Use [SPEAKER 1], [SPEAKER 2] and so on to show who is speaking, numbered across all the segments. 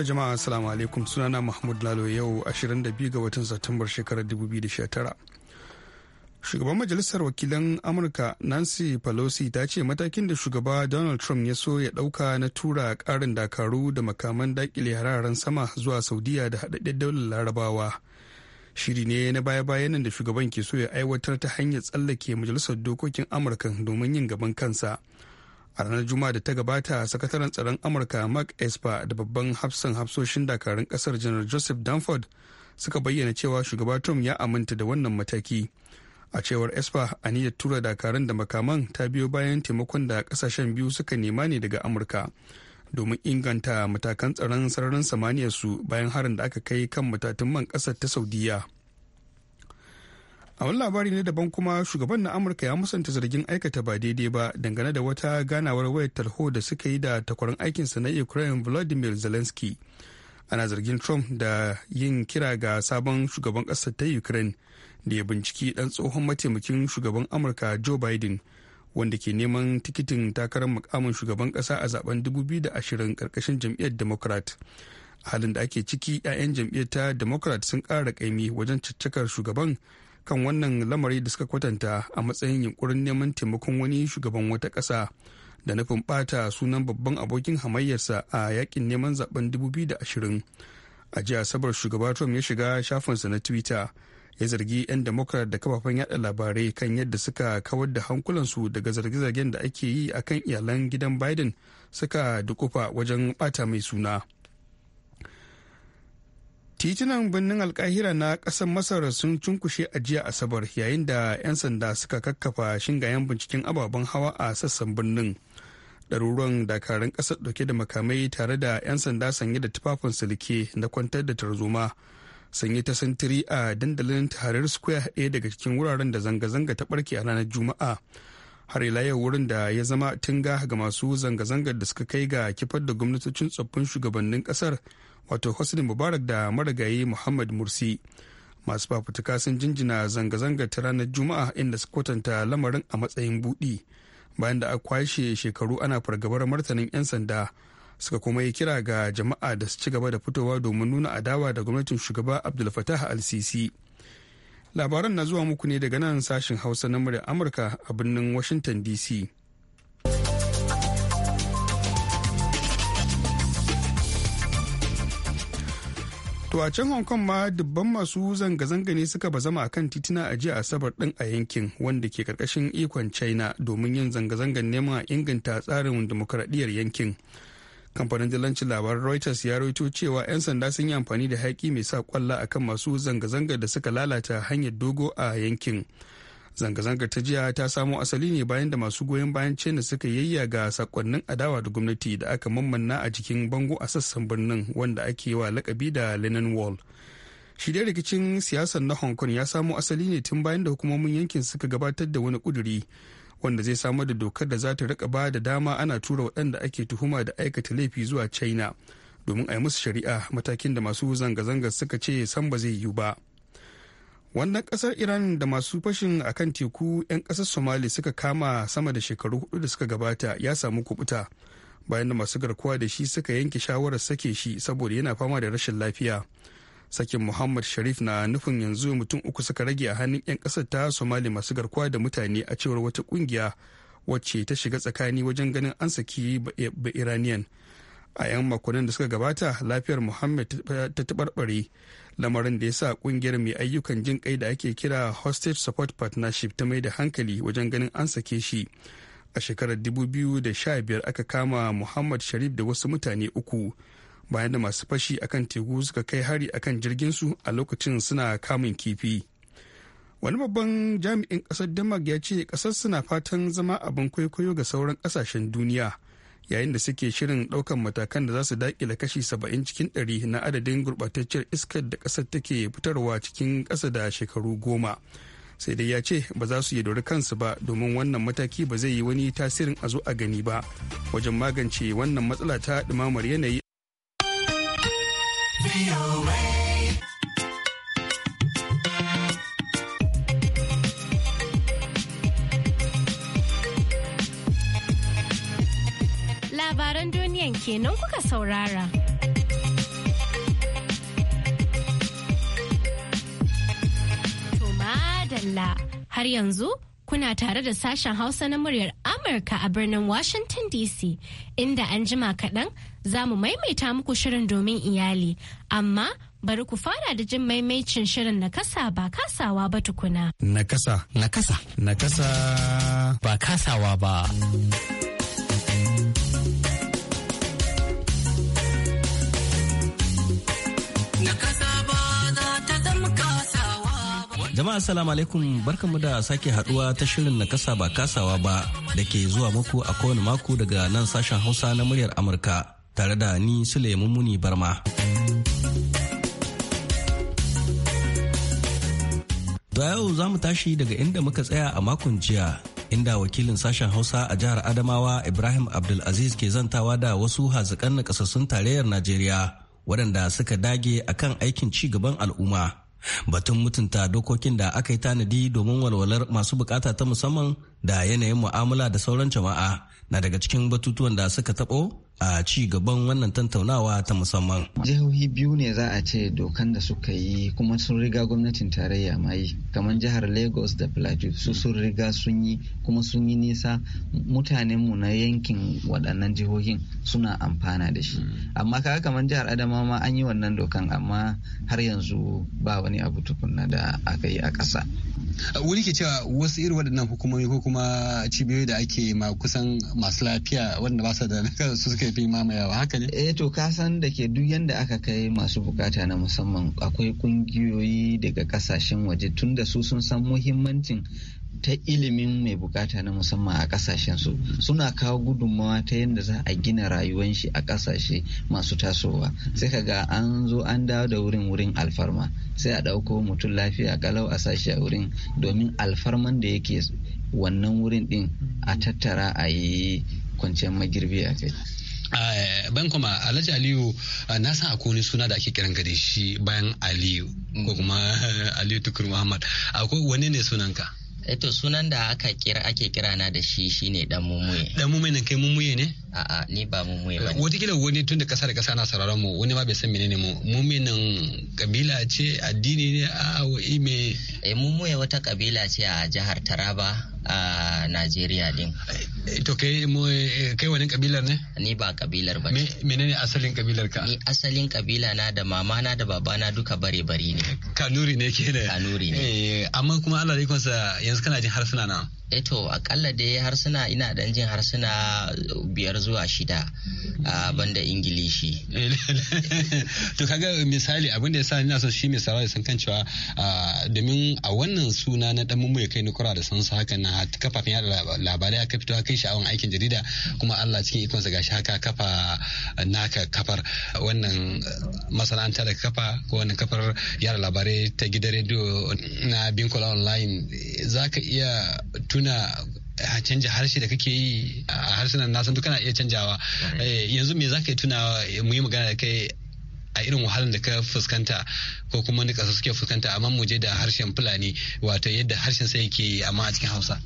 [SPEAKER 1] To jama'a assalamu alaikum sunana Mahmud Lalo yau 22 ga watan Satumbar shekarar 2019. Shugaban Majalisar Wakilan Amurka Nancy Pelosi ta ce matakin da shugaba Donald Trump ya so ya dauka na tura karin dakaru da makaman dakile hararen sama zuwa Saudiya da haɗaɗɗen daular Larabawa. Shiri ne na baya-bayan da shugaban ke so ya aiwatar ta hanyar tsallake Majalisar Dokokin Amurka domin yin gaban kansa. a ranar juma'a da ta gabata sakataren tsaron amurka mark esper da babban hafsan hafsoshin dakarun kasar janar joseph danford suka bayyana cewa shugaba trump ya aminta da wannan mataki a cewar esper aniyar tura dakarun da makaman ta biyo bayan taimakon da kasashen biyu suka nema ne daga amurka domin inganta matakan tsaron sararin samaniyar su bayan harin da aka kai kan matatun man kasar ta saudiya a wani labari ne daban kuma shugaban na amurka ya musanta zargin aikata ba daidai ba dangane da wata ganawar wayar tarho da suka yi da takwarar aikinsa na ukraine vladimir zelensky ana zargin trump da yin kira ga sabon shugaban ƙasar ta ukraine da ya binciki ɗan tsohon mataimakin shugaban amurka joe biden wanda ke neman tikitin takarar mukamin shugaban ƙasa a zaben 2020 karkashin jam'iyyar democrat halin da ake ciki 'ya'yan jam'iyyar ta democrat sun ƙara ƙaimi wajen caccakar shugaban kan wannan lamari da suka kwatanta a matsayin yunkurin neman taimakon wani shugaban wata ƙasa da nufin ɓata sunan babban abokin hamayyarsa a yakin neman zaben 2020 a jiya sabar shugaba trump ya shiga shafinsa na twitter ya zargi 'yan democrat da kafafen yada labarai kan yadda suka kawar da hankulansu daga zarge-zargen da ake yi akan iyalan gidan biden suka dukufa wajen ɓata mai suna. titunan birnin alkahira na ƙasar masar sun cunkushe a jiya asabar yayin da 'yan sanda suka kakkafa shingayen binciken ababen hawa a sassan birnin ɗaruruwan dakarun ƙasar dauke da makamai tare da 'yan sanda sanye da tufafin silke na kwantar da tarzoma sanye ta santiri a dandalin tarar square ɗaya daga cikin wuraren da zanga-zanga ta ɓarke a ranar juma'a har ila yau wurin da ya zama tunga ga masu zanga-zangar da suka kai ga kifar da gwamnatocin tsoffin shugabannin ƙasar wato hosni mubarak da marigayi muhammad mursi masu fafutuka sun jinjina zanga-zanga ta ranar juma'a inda su kwatanta lamarin a matsayin buɗi bayan da aka kwashe shekaru ana fargabar martanin 'yan sanda suka kuma yi kira ga jama'a da su ci gaba da fitowa domin nuna adawa da gwamnatin shugaba abdul fatah al-sisi labaran na zuwa muku ne daga nan sashen hausa na murya amurka a birnin washington dc To a can Hong Kong ma dubban masu zanga-zanga ne suka bazama akan titina a jiya Asabar ɗin a yankin wanda ke karkashin ikon China domin yin zanga-zangar neman a inganta tsarin dimokuraɗiyar yankin. Kamfanin dalancin labaran Reuters ya rawaito cewa 'yan sanda sun yi amfani da haƙi mai sa kwalla akan masu zanga zanga da suka lalata hanyar dogo a yankin. zanga-zanga ta jiya ta samo asali ne bayan da masu goyon bayan china suka ga sakonnin adawa da gwamnati da aka mammanna a jikin bango a sassan birnin wanda ake wa lakabi da linen wall shi dai rikicin siyasar na hong kong ya samo asali ne tun bayan da hukumomin yankin suka gabatar da wani kuduri wanda zai samar da dokar da za ta rika ba da dama ana tura waɗanda ake tuhuma da aikata laifi zuwa china domin a yi musu shari'a matakin da masu zanga-zangar suka ce san ba zai yiwu ba wannan kasar iran da masu fashin a kan teku 'yan kasar somali suka kama sama da shekaru hudu da suka gabata ya samu kubuta bayan da masu garkuwa da shi suka yanke shawarar sake shi saboda yana fama da rashin lafiya sakin muhammad sharif na nufin yanzu mutum uku suka rage a hannun 'yan kasar ta somali masu garkuwa da mutane a cewar wata kungiya wacce ta shiga tsakani wajen ganin an saki ba a 'yan makonnin da suka gabata lafiyar muhammad ta taɓarɓare lamarin da ya sa kungiyar mai ayyukan jin kai da ake kira hostage support partnership ta mai da hankali wajen ganin an sake shi a shekarar 2015 aka kama muhammad sharif da wasu mutane uku bayan da masu fashi akan teku suka kai hari akan su a lokacin suna kamun kifi wani babban jami'in kasar denmark ya ce kasar suna fatan zama abin kwaikwayo ga sauran kasashen duniya yayin da suke shirin ɗaukan matakan da za su daƙila kashi saba'in cikin 100 na adadin gurɓatacciyar iskar da ƙasar take fitarwa cikin ƙasa da shekaru goma sai dai ya ce ba za su yaudari kansu ba domin wannan mataki ba zai yi wani tasirin a zo a gani ba wajen magance wannan matsala ta ɗumamar yanayi.
[SPEAKER 2] duniyan kenan kuka saurara. to Madalla har yanzu kuna tare da sashen Hausa na muryar Amurka a birnin Washington DC inda an jima kaɗan za mu maimaita muku shirin domin iyali amma bari ku fara da jin maimaicin shirin nakasa ba kasawa ba tukuna.
[SPEAKER 1] kasa. Na Nakasa. Ba kasawa ba.
[SPEAKER 3] Jama'a assalamu alaikum barkanmu da sake haduwa ta shirin na kasa ba kasawa ba da ke zuwa muku a kowane mako daga nan sashen Hausa na muryar Amurka tare da ni Suleiman Muni Barma. Da yau za mu tashi daga inda muka tsaya a makon jiya inda wakilin sashen Hausa a jihar Adamawa Ibrahim Abdulaziz ke zantawa da wasu hazikan na kasassun tarayyar Najeriya waɗanda suka dage akan aikin ci gaban al'umma. batun mutunta dokokin da aka yi tanadi domin walwalar masu bukata ta musamman da yanayin mu'amala da sauran jama'a na daga cikin batutuwan da suka taɓo a ci gaban wannan tantaunawa ta
[SPEAKER 4] musamman. Jihohi biyu ne za a ce dokan da suka yi kuma sun riga gwamnatin tarayya ma yi kamar jihar Lagos da Plateau su sun riga sun yi kuma sun yi nisa mutanenmu na yankin waɗannan jihohin suna amfana da shi. Amma kaga kamar jihar Adamawa ma an yi wannan dokan amma har yanzu ba wani abu tukunna da aka yi a ƙasa.
[SPEAKER 5] Wuri ke cewa wasu irin waɗannan hukumomi ko kuma cibiyoyi da ake
[SPEAKER 4] ma kusan masu lafiya wanda ba su da su suke suka mamayawa haka ne eh to kasan san da ke duk yanda aka kai masu bukata na musamman akwai kungiyoyi daga kasashen waje tun da su sun san muhimmancin ta ilimin mai bukata na musamman a kasashen su suna kawo gudunmawa ta yadda za a gina rayuwan shi a kasashe masu tasowa sai ka ga an zo an dawo da wurin wurin alfarma sai a ɗauko mutum lafiya kalau a sashi a wurin domin alfarman da yake wannan wurin din a tattara a yi kwanciyar magirbi a kai
[SPEAKER 5] Eh, ban kuma alhaji aliyu eh, na san akwai wani suna da ake kiran gare shi bayan aliyu ko kuma aliyu tukur muhammad akwai wani ne sunanka eto
[SPEAKER 6] eh, sunan da aka kira ake kira na da shi shine dan
[SPEAKER 5] mumuye dan mumuye ne kai mumuye ne a'a ni ba mu muye wata kila wani tun da kasa da kasa na sauraron mu wani ma bai san menene mu menen kabila ce addini ne a wa me
[SPEAKER 6] eh mu mu wata kabila ce a jihar Taraba a Najeriya din
[SPEAKER 5] eh, to kai mu eh, kai wani kabilar ne ni ba kabilar ba ne menene asalin kabilar ka ni
[SPEAKER 6] asalin kabila na da mama na da
[SPEAKER 5] baba na duka bare bare ne kanuri ne kenan kanuri ne eh, amma kuma Allah ya yanzu kana jin harsuna na
[SPEAKER 6] eto eh akalla dai harsuna ina dan jin harsuna biyar zuwa shida a banda ingilishi
[SPEAKER 5] to kaga misali abin da sa ina son shi misali sun kan cewa domin a wannan suna na dan ya kai ni kura da san su hakan na kafafen yada labarai aka fito kai sha'awan aikin jarida kuma Allah cikin sa gashi haka kafa naka kafar wannan masana'anta da kafa ko wannan kafar yada labarai ta gidan rediyo na Binkola online zaka iya tuna ah, canja harshe da kake yi a harsunan nasan duk kana iya canjawa eh, yanzu me zaka yi tuna eh, mu yi magana da kai a irin wahalar da ka fuskanta ko kuma wani ƙasa suke fuskanta amma mu je da harshen fulani wato yadda harshen sai yake amma a cikin hausa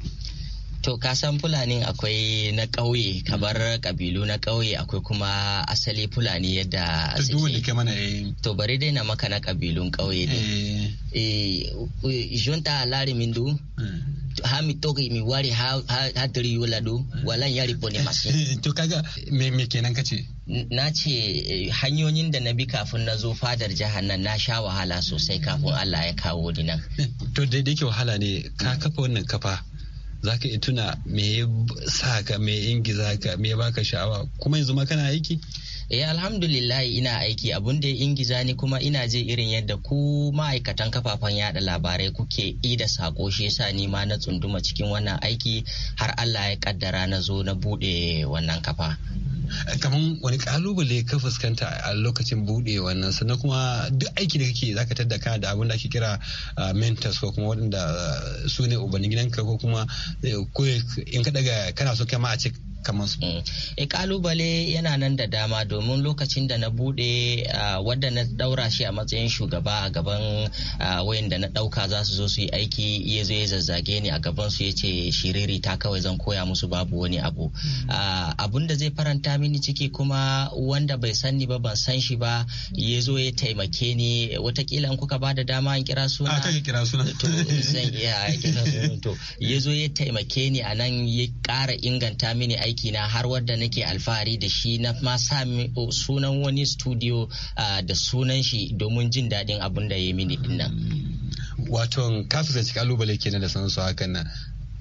[SPEAKER 6] To ka san Fulani akwai na ƙauye kamar ƙabilu na ƙauye akwai kuma asali Fulani yadda suke. Eh. To bari dai na maka na ƙabilun ƙauye ne. Eh, junta larimindu. hami toki mi wari ha hatiri yola do
[SPEAKER 5] walan ya ripo ne mashi to kaga me me kenan kace
[SPEAKER 6] na ce eh, hanyoyin da na bi kafin na zo fadar jahannan na sha wahala sosai kafin Allah ya kawo ni nan
[SPEAKER 5] to dai yake wahala ne ka kafa wannan kafa Zaka iya tuna me ya sa ka me ingiza ka me ya baka sha'awa kuma yanzu ma kana aiki
[SPEAKER 6] eh alhamdulillah ina aiki abun da ya ingiza ni kuma ina je irin yadda ku ma'aikatan kafafen yada labarai kuke yi da sako shi yasa ni ma na tsunduma cikin wannan aiki har Allah ya kaddara na
[SPEAKER 5] zo na bude wannan kafa kamar wani kalubale ka fuskanta a lokacin bude wannan sannan kuma duk aiki da kake zaka tadda kana da abin da ake kira ah, mentors ko kuma waɗanda ah, su ne ubannin gidanka ko kuma eh, in ka daga kana so kai ma a ce kamar su.
[SPEAKER 6] E kalubale yana nan da
[SPEAKER 5] dama domin lokacin da na bude
[SPEAKER 6] wadda na daura shi a matsayin shugaba a gaban wayan da na dauka za su zo su yi aiki ya zo ya zazzage ni a gaban su ya ce shiriri ta kawai zan koya musu babu wani abu. Mm. Abun da zai faranta mini ciki kuma wanda bai san ni ba ban san shi ba ya zo ya taimake ni watakila in kuka ba da dama in kira suna. kira suna. To zan iya kira suna. To ya zo ya taimake ni a nan ya ƙara inganta mini aiki aiki har wadda nake alfahari da shi na ma sami sunan wani studio ah, da sunan shi domin jin daɗin abin da ya yi mini dinnan. Waton ka fuskanci kalubale kenan da sanin su hakan nan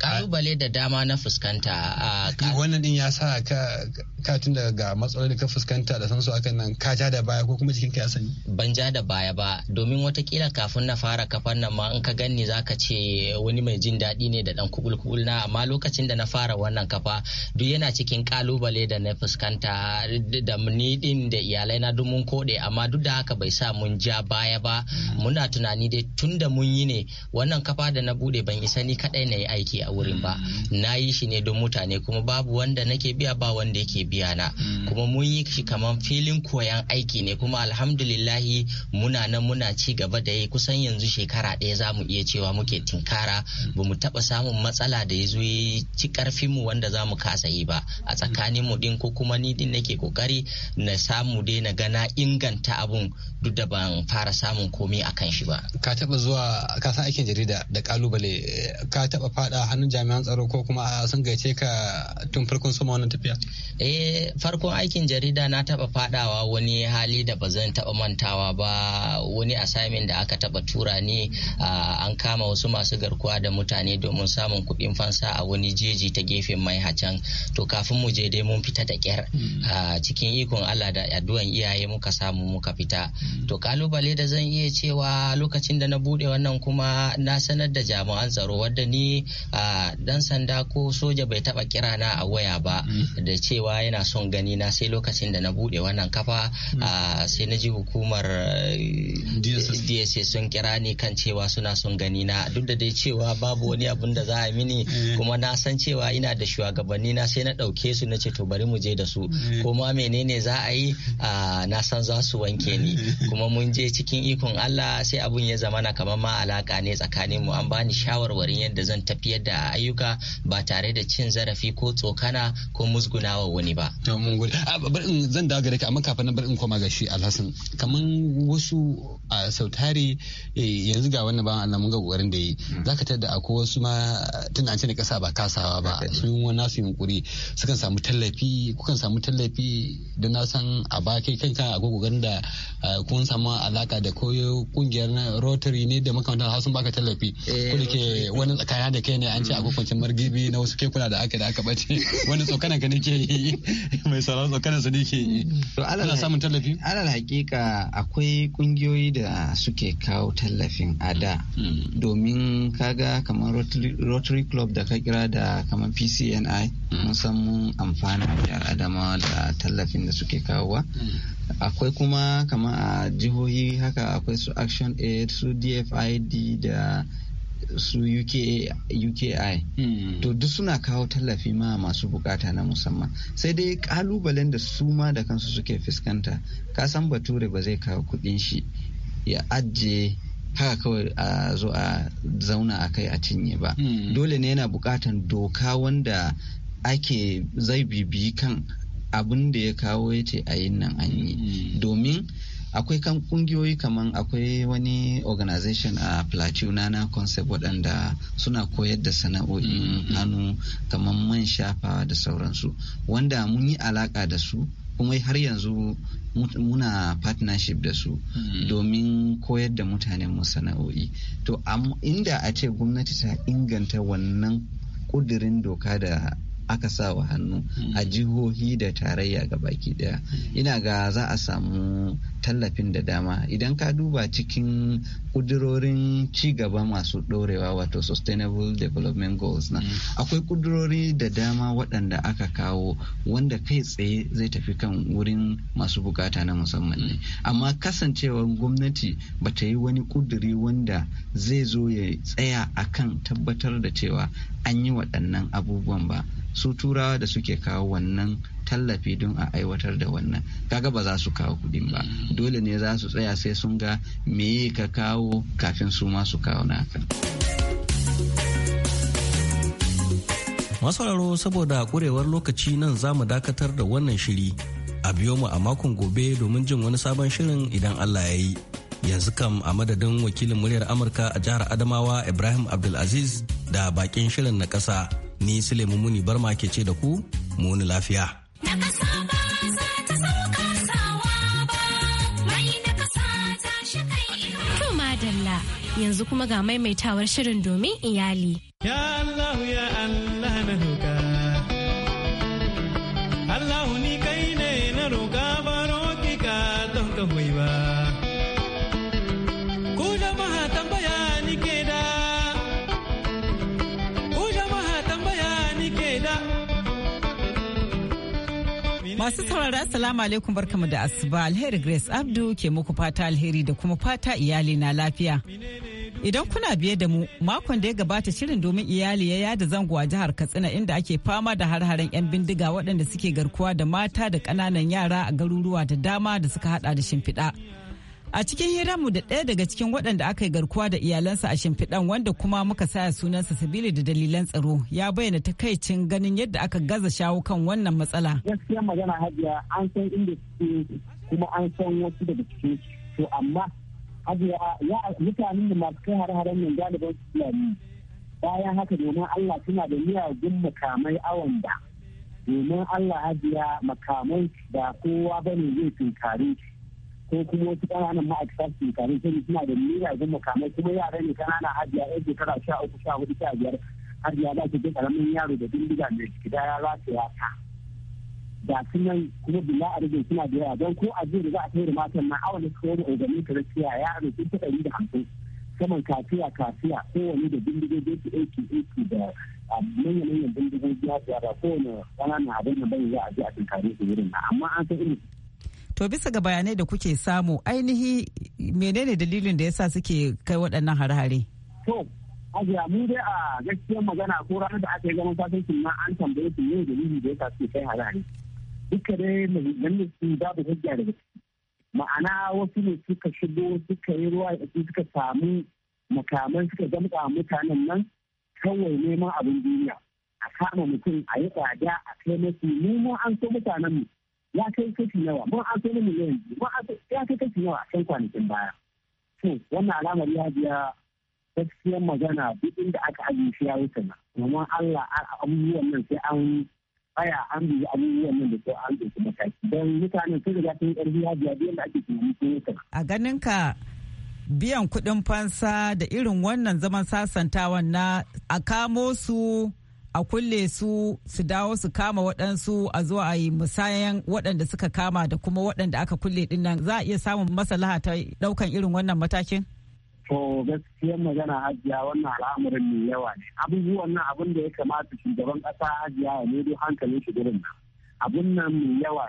[SPEAKER 6] kalubale da dama na fuskanta
[SPEAKER 5] a wannan din ya sa ka ka tun daga matsalolin da ka fuskanta da sansu akan nan ka ja da baya ko kuma ka ya sani
[SPEAKER 6] ban ja da baya ba domin watakila kafin na fara kafan nan ma in ka ganni zaka ce wani mai jin daɗi ne da dan kubul kubul na amma lokacin da na fara wannan kafa duk yana cikin kalubale da na fuskanta da ni din da iyalai na duk mun kode amma duk da haka bai sa mun ja baya ba mm. muna tunani dai tun da mun yi ne wannan kafa da na bude ban isa ni kadai na yi aiki a wurin ba na yi shi ne don mutane kuma babu wanda nake biya ba wanda yake biya na mm. kuma mun yi shi kamar filin koyan aiki ne kuma alhamdulillahi muna nan muna ci gaba da yi kusan yanzu shekara ɗaya za mu iya cewa muke tinkara mm. ba mu taɓa samun matsala da ya zo ci mu wanda za mu kasa yi ba a mm. tsakanin mu din ko kuma ni din nake kokari na samu dai na gana inganta abun duk da ban fara samun komi akan shi ba
[SPEAKER 5] ka taɓa zuwa ka san aikin jarida da kalubale ka taɓa faɗa hannun hannun jami'an tsaro ko kuma sun gaice ka tun farkon sama wannan tafiya?
[SPEAKER 6] Eh farkon aikin jarida na taba fadawa wani hali da ba zan taba mantawa ba wani assignment da aka taba tura ni an kama wasu masu garkuwa da mutane domin samun kuɗin fansa a wani jeji ta gefen mai hacan to kafin mu je dai mun fita da kyar hmm. cikin ikon Allah da addu'an iyaye muka samu muka fita hmm. to kalubale da zan iya cewa lokacin da na buɗe wannan kuma na sanar da jami'an tsaro wadda ni a dan sanda ko soja bai taba kira na a waya ba mm. da cewa yana son gani na sai lokacin da na bude wannan kafa mm. sai na ji hukumar mm. DSS sun kira ni kan cewa suna son gani na duk da dai cewa babu wani abun da za a mini eh. kuma na san cewa ina da shugabanni na sai na dauke su na ce to bari mu je da su eh. kuma menene za a yi na san za su wanke ni eh. kuma mun je cikin ikon Allah sai abun ya zama na kamar ma alaka ne tsakanin mu an bani shawarwarin yadda zan tafiyar da da ayyuka ba tare da cin zarafi ko tsokana
[SPEAKER 5] ko musgunawa wani ba. zan dawo gare ka amma kafin nan in koma ga shi alhassan kaman wasu a sautari eh, yanzu ga wannan bawan Allah mun ga kokarin da yi mm. za ka tada akwai wasu ma tun an ce ne kasa ba kasawa ba sun wani nasu yunkuri sukan samu tallafi kukan samu tallafi da na san a ba kai kanka akwai kokarin da kun samu alaka da koyo kungiyar rotary ne da makamantar hausun baka tallafi eh, ko da ke wani tsakanin da kai ne an ce a kwanciyar margibi na wasu kekuna da aka da aka bace wani tsokanan ka nake yi mai sauran tsokanan su nake yi ana samun
[SPEAKER 4] tallafi alal hakika akwai kungiyoyi da suke kawo tallafin ada. Mm. domin kaga kamar rotary club da ka kira da kamar pcni mm. mun san mun amfana da adama da tallafin da suke kawowa mm. akwai kuma kamar a jihohi haka akwai su action aid su dfid da su UKI. Hmm. To duk suna kawo tallafi ma masu bukata na musamman. Sai dai kalubalen da su ma da kansu suke fuskanta. Kasan bature ba zai kawo kudin shi ya ajiye haka kawai a zo a zauna a kai a cinye ba. Hmm. Dole ne yana bukatan doka wanda ake zai bibi kan abin da ya kawo ya ce a yin nan an yi. Hmm. Domin akwai kan kungiyoyi kaman akwai wani organization a plateau na concept waɗanda suna koyar da sana'o'in mm-hmm. hannu kamar man shafa da sauransu wanda mun yi alaka da su kuma har yanzu muna partnership da su mm-hmm. domin koyar da mutanen sana'o'i to inda a ce gwamnati ta inganta wannan kudirin doka da aka sa wa hannu a hmm. jihohi da tarayya ga baki daya hmm. ina ga za a samu tallafin da dama idan ka duba cikin kudurorin gaba masu ɗorewa wato sustainable development goals na hmm. akwai kudurori da dama waɗanda aka kawo wanda kai tsaye zai tafi kan wurin masu bukata na musamman ne amma kasancewar gwamnati ba ta yi wani kuduri wanda zai zo ya tsaya akan tabbatar da cewa an yi waɗannan abubuwan ba su turawa da suke kawo wannan tallafi don a aiwatar da wannan kaga ba za su kawo kudin ba mm. dole ne za su tsaya sai sun ga me ka kawo kafin su ma su kawo naka masauraro saboda kurewar
[SPEAKER 3] lokaci nan za mu dakatar da wannan shiri a biyo mu a makon gobe domin jin wani sabon shirin idan allah ya yi yanzu kam a madadin wakilin muryar amurka a jihar adamawa ibrahim abdulaziz da bakin shirin na ƙasa Ni Suleiman Muni Barma ke ce da ku muni lafiya.
[SPEAKER 2] yanzu kuma ga maimaitawar shirin domin iyali.
[SPEAKER 5] Ya Allah ya Allah na
[SPEAKER 7] Masu saurara Salamu alaikum barkamu da asuba alheri Grace Abdu ke muku fata alheri da kuma fata iyali na lafiya. Idan kuna biye da mu makon da ya gabata shirin domin iyali ya yada zango a jihar Katsina inda ake fama da har-haren 'yan bindiga waɗanda suke garkuwa da mata da ƙananan yara a garuruwa da dama da suka hada da shimfiɗa. A cikin mu da ɗaya daga cikin waɗanda aka yi garkuwa da iyalansa a shimfiɗan wanda kuma muka saya sunansa sabili da dalilan tsaro ya bayyana takaicin ganin yadda aka gaza shawo kan wannan matsala.
[SPEAKER 8] Gaskiya magana hajiya an san inda suke kuma an san wasu daga cikin to amma hajiya mutanen da masu kai hare-haren nan galiban su fulani bayan haka domin Allah suna da miyagun makamai awon da domin Allah hajiya makamai da kowa bane zai tunkare shi. ko kuma wasu ƙananan ma'aikata su kamin sai suna da goma makamai kuma yara ne ƙanana hajiya yan shekara sha uku sha hudu sha biyar hajiya ba ki ga ƙaramin yaro da bindiga mai gida ya za su ta da su nan kuma bila a rage suna da yawa don ko a jiya da za a kai da matan na awa da kawai da ogani ta rakiya yaro sun ta ɗari da hamsin saman kafiya kafiya kowane da zai su aiki aiki da um, manyan manyan bindigogi ya ko kowane ƙananan abin da bai za a je a tunkare su wurin amma an san irin
[SPEAKER 7] To bisa ga bayanai da kuke samu ainihi menene dalilin da yasa suke kai waɗannan hare-hare?
[SPEAKER 8] To, ajiya mu dai a gaskiyar magana ko ranar da aka yi zaman sasancin ma an tambaye su yin dalili da yasa suke kai hare-hare. Duka dai ne su babu hujja daga Ma'ana wasu ne suka shigo suka yi ruwa da suka samu makaman suka zama mutanen nan kawai neman abin duniya. A kama mutum a yi tsada a kai masu mu an so mutanen mu. ya kai kashi nawa mun an kai miliyan biyu mun ya kai kashi nawa a can kwanakin baya to wannan alamar ya biya gaskiyar magana duk inda aka ajiye shi ya wuce na domin Allah a abubuwan nan sai an aya an bi abubuwan nan da ko an ɗauki mataki dan mutanen sun riga sun karbi ya biya duk da ake tunani ko wuce a ganin ka
[SPEAKER 7] biyan kuɗin fansa da irin wannan zaman sasantawan na a kamo su a kulle su su dawo su kama waɗansu a zo a yi musayan waɗanda suka kama da kuma waɗanda aka kulle din nan za a iya samun masalaha ta ɗaukan irin wannan matakin?
[SPEAKER 8] To gaskiyar magana hajiya wannan al'amarin mai yawa ne abubuwan nan abin da ya kamata shugaban ƙasa hajiya ya don hankalin shi gurin nan abin nan mai yawa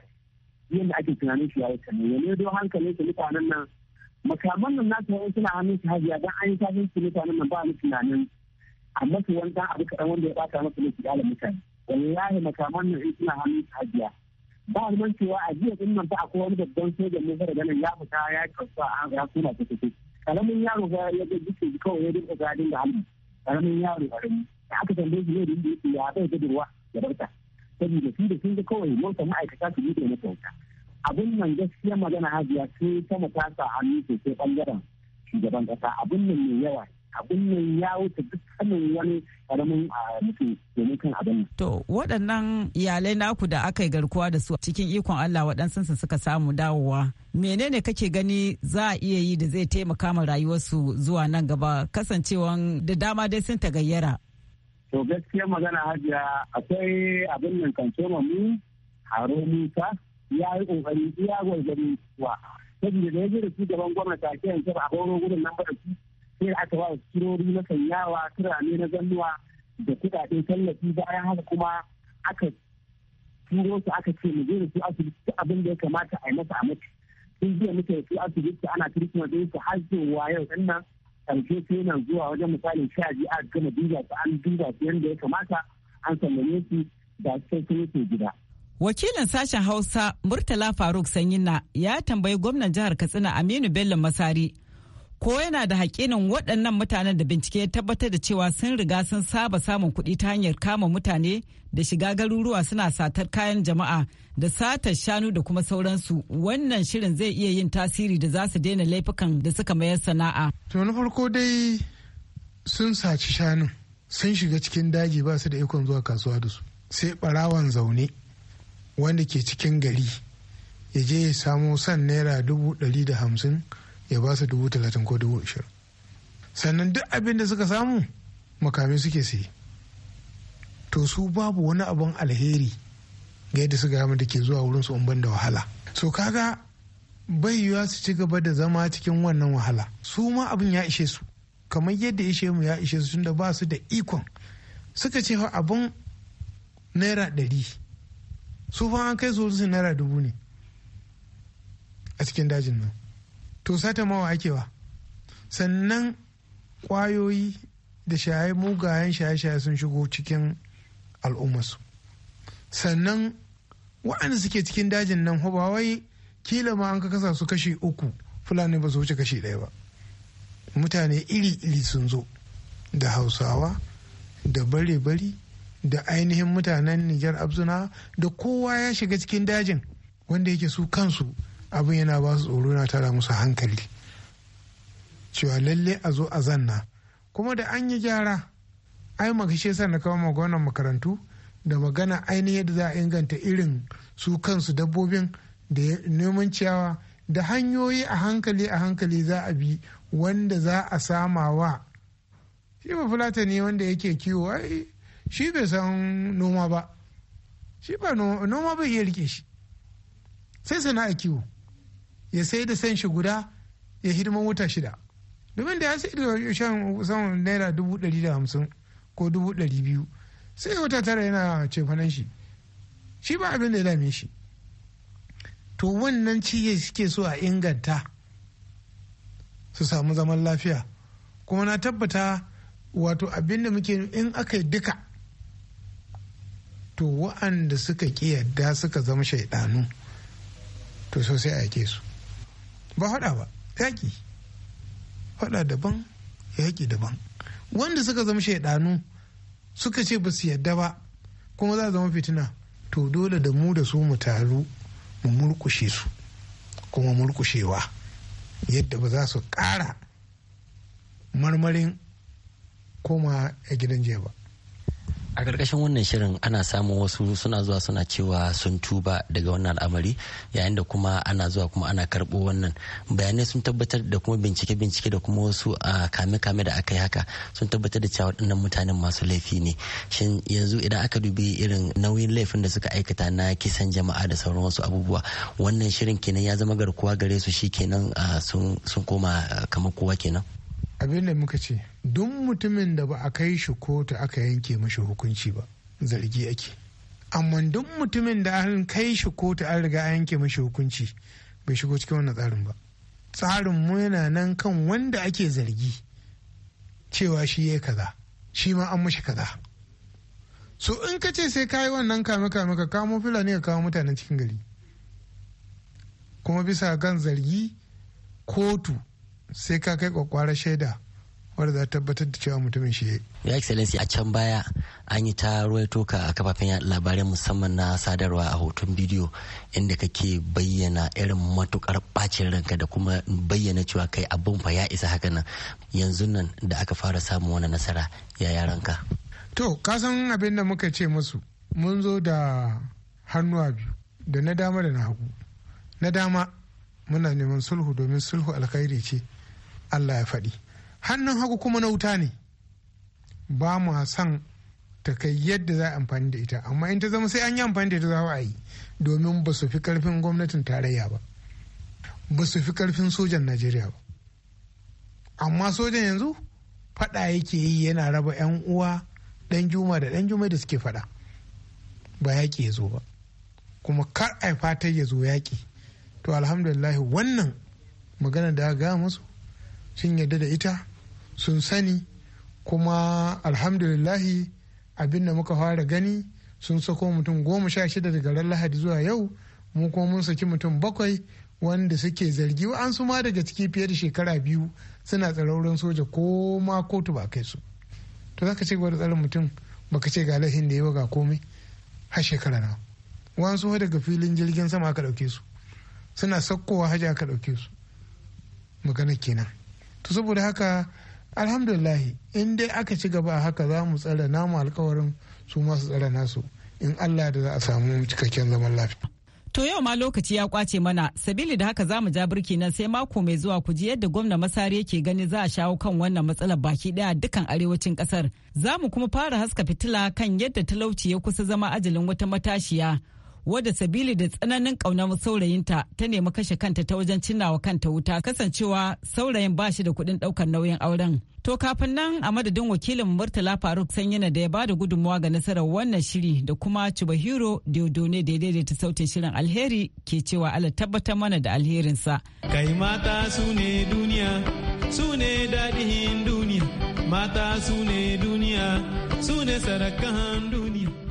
[SPEAKER 8] ne yadda ake tunanin shi ya yi kane ya don hankalin shi mutanen nan makaman nan nasu suna hannun shi hajiya don an yi shi mutanen nan ba ni tunanin amma su wani abu kaɗan wanda ya ɓata masa ne su mutane wallahi makaman nan suna hannun hajiya ba man cewa a jiya din nan ba akwai wani babban sojan mun fara ganin ya fita ya kasuwa a ya suna ta tafi karamin yaro ga ya ga jikin kawai ya duka gadin da hannu karamin yaro karami da aka tambaye shi ne da yake ya bai da ruwa ya barta saboda shi da sun ga kawai mota ma'aikata su yi da mata abin nan gaskiya magana hajiya sai ta matasa hannu sosai bangaren shugaban kasa abin nan mai yawa abin nan ya wuce duk sanin wani karamin a mutum domin kan abin. To waɗannan iyalai
[SPEAKER 7] naku da aka yi garkuwa da su cikin ikon Allah waɗansu suka samu dawowa. Menene kake gani za a iya yi da zai taimaka ma rayuwarsu zuwa nan gaba kasancewan da dama dai sun tagayyara.
[SPEAKER 8] To gaskiya magana hajiya akwai abin nan kan mu haro musa ya yi kokari iya gwargwari wa. sabida da ya je da shugaban gwamnati a kiyan a horo gudun nan ba da su sai aka ba kirori na sanyawa turare na zannuwa da kuɗaɗen tallafi bayan haka kuma aka turo su aka ce mu je da su asibiti abin da ya kamata a yi masa a mace sun biya muke da su asibiti ana kirkima da su har zuwa yau ɗan nan ƙarshe sai yana zuwa wajen misalin sha biyu a gama duba su an duba su yadda ya kamata an sallame su da sai sun yi gida.
[SPEAKER 7] Wakilin sashen Hausa Murtala Faruk Sanyina ya tambayi gwamnan jihar Katsina Aminu Bello Masari ko yana da haƙinin waɗannan mutanen da bincike ya tabbatar da cewa sun riga sun saba samun kuɗi ta hanyar kama mutane da shiga garuruwa suna satar kayan jama'a da satar shanu da kuma sauransu wannan shirin zai iya yin tasiri da za su daina laifukan da suka mayar sana'a.
[SPEAKER 9] to na farko dai sun saci shanun sun shiga cikin daji ba su da ikon zuwa kasuwa da su sai barawan zaune wanda ke cikin gari ya je ya samo san naira dubu ɗari da hamsin ya ba su dubu talatin ko dubu ashirin sannan duk abin da suka samu makamai suke sayi to su babu wani abin alheri ga yadda su gama da ke zuwa wurin su ban da wahala so kaga bai yiwuwa su ci gaba da zama cikin wannan wahala su ma abin ya ishe su kamar yadda ishe mu ya ishe su tunda ba su da ikon suka ce fa abin naira ɗari su fa an kai su naira dubu ne a cikin dajin nan to sata mawa ake wa sannan kwayoyi da shaye mugayen shaye-shaye sun shigo cikin al'ummasu sannan waɗanda suke cikin dajin nan hobawai wai kila ma an ka kasa su kashe uku fulani ba su wuce kashe ɗaya ba mutane iri-iri sun zo da hausawa da bare-bari da ainihin mutanen nijar abzuna da kowa ya shiga cikin dajin wanda yake su kansu abin yana ba su tsoro yana tara musu hankali cewa lalle a zo a zanna kuma da an yi gyara ai makashe sa na kawo magana makarantu da magana ainihin yadda za a inganta irin su kansu dabbobin da neman ciyawa da hanyoyi a hankali a hankali za a bi wanda za a sama wa shi ba ne wanda yake kiwo ai shi bai san noma ba shi ba noma bai iya rike shi sai sana'a kiwo ya sai da san shi guda ya hidiman wuta shida domin da ya sai da shan saman naira dubu ɗari da hamsin ko dubu ɗari biyu sai wata tara yana cefanen shi shi ba abin da ya dame shi to wannan ciye suke so a inganta su samu zaman lafiya kuma na tabbata wato abin da muke in aka yi duka to wa'anda suka ƙi yadda suka zama shaidanu to sosai a yake su ba faɗa ba yaƙi hada daban yaƙi daban wanda suka zama shaidanu suka ce ba su yadda ba kuma za zama fitina to dole da mu da su mu taru mu murkushe su kuma murkushewa yadda ba za su kara marmarin koma a gidan jiya ba
[SPEAKER 6] a ƙarƙashin wannan shirin ana samun wasu suna zuwa suna cewa sun tuba daga wannan al'amari yayin da kuma ana zuwa kuma ana karɓo wannan bayanai sun tabbatar da kuma bincike bincike da kuma wasu a kame kame da aka yi haka sun tabbatar da cewa waɗannan mutanen masu laifi ne shin yanzu idan aka dubi irin nauyin laifin da suka aikata na kisan jama'a da sauran wasu abubuwa wannan shirin kenan ya zama garkuwa gare su shi kenan sun koma kamar kowa kenan
[SPEAKER 9] abin da muka ce duk mutumin da ba a kai shi kotu aka yanke mashi hukunci ba zargi ake amma duk mutumin da an kai shi kotu an riga an yanke mashi hukunci bai shigo cikin wannan tsarin ba tsarin mu yana nan kan wanda ake zargi cewa shi ya kaza shi ma an mashi kaza so in ka ce sai kayi wannan kame kame ka kamo fulani ka kawo mutanen cikin gari kuma bisa kan zargi kotu sai ka kai kwakwara shaida wadda za tabbatar da cewa mutumin shi ya
[SPEAKER 6] ya Excellency a can baya an yi ta ruwaito toka a kafafen yaɗa labarai musamman na sadarwa a hoton bidiyo inda kake bayyana irin matukar bacin ranka da kuma bayyana cewa kai abin fa ya isa haka nan yanzu nan da aka fara samun wani nasara
[SPEAKER 9] ya yaranka. To ka san abin da muka ce musu mun zo da hannuwa biyu da na dama da na hagu na dama muna neman sulhu domin sulhu alkhairi ce Allah ya faɗi hannun hagu kuma na wuta ne ba mu san ta kai yadda za a amfani da ita amma in ta zama sai an yi amfani da ita za a yi domin ba su fi karfin gwamnatin tarayya ba ba su fi karfin sojan najeriya ba amma sojan yanzu faɗa yake yi yana raba 'yan uwa ɗan juma da ɗan juma da suke faɗa ba yaƙi ya zo ba kuma kar a fatar ya zo yaƙi to alhamdulillah wannan magana da ga musu sun yarda da ita sun sani kuma alhamdulillahi abinda muka fara gani sun sako mutum goma sha shida daga ran lahadi zuwa yau mu kuma mun saki mutum bakwai wanda suke zargi an su ma daga ciki fiye da shekara biyu suna tsarauran soja ko ma kotu ba kai su to zaka ce gwada tsarin mutum baka ce ga lahin da yawa ga komai har shekara na wasu daga filin jirgin sama aka dauke su suna sakkowa haja aka dauke su magana kenan to saboda haka alhamdulillahi in dai aka ci gaba haka za mu tsara namu alkawarin su masu tsara nasu in allah da za a samu cikakken zaman lafiya
[SPEAKER 7] To yau ma lokaci ya kwace mana, sabili da haka za mu ja birki nan sai mako mai zuwa ku ji yadda gwamna Masari yake gani za a shawo kan wannan matsalar baki daya dukkan arewacin kasar. Za mu kuma fara haska fitila kan yadda talauci ya kusa zama ajalin wata matashiya wadda sabili da tsananin kaunar saurayinta ta nemi kashe kanta ta wajen cinnawa kanta wuta kasancewa saurayin ba shi da kuɗin ɗaukar nauyin auren. To kafin nan a madadin wakilin Murtala Faruk Sanyina da ya ba da gudunmawa ga nasarar wannan shiri da kuma Chubahiro Diodone da ya daidaita sautin shirin alheri ke cewa Allah tabbatar mana da alherinsa. Kai
[SPEAKER 9] mata su ne duniya, su ne daɗin duniya, mata su ne
[SPEAKER 5] duniya, su ne sarakan duniya.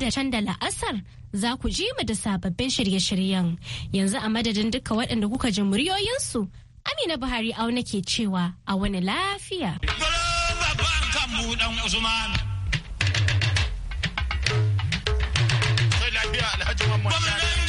[SPEAKER 2] da can da la'asar za ku ji mu da sababbin shirye-shiryen yanzu a madadin duka waɗanda kuka ji muryoyinsu amina buhari au nake cewa a wani
[SPEAKER 9] lafiya